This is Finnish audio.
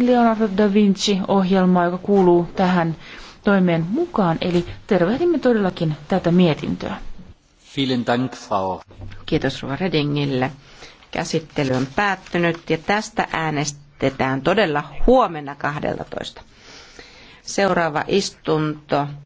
Leonardo da Vinci-ohjelmaa, joka kuuluu tähän toimeen mukaan. Eli tervehdimme todellakin tätä mietintöä. Vielen Dank, Frau. Kiitos Ruva Redingille. Käsittely on päättynyt ja tästä äänestetään todella huomenna 12. Seuraava istunto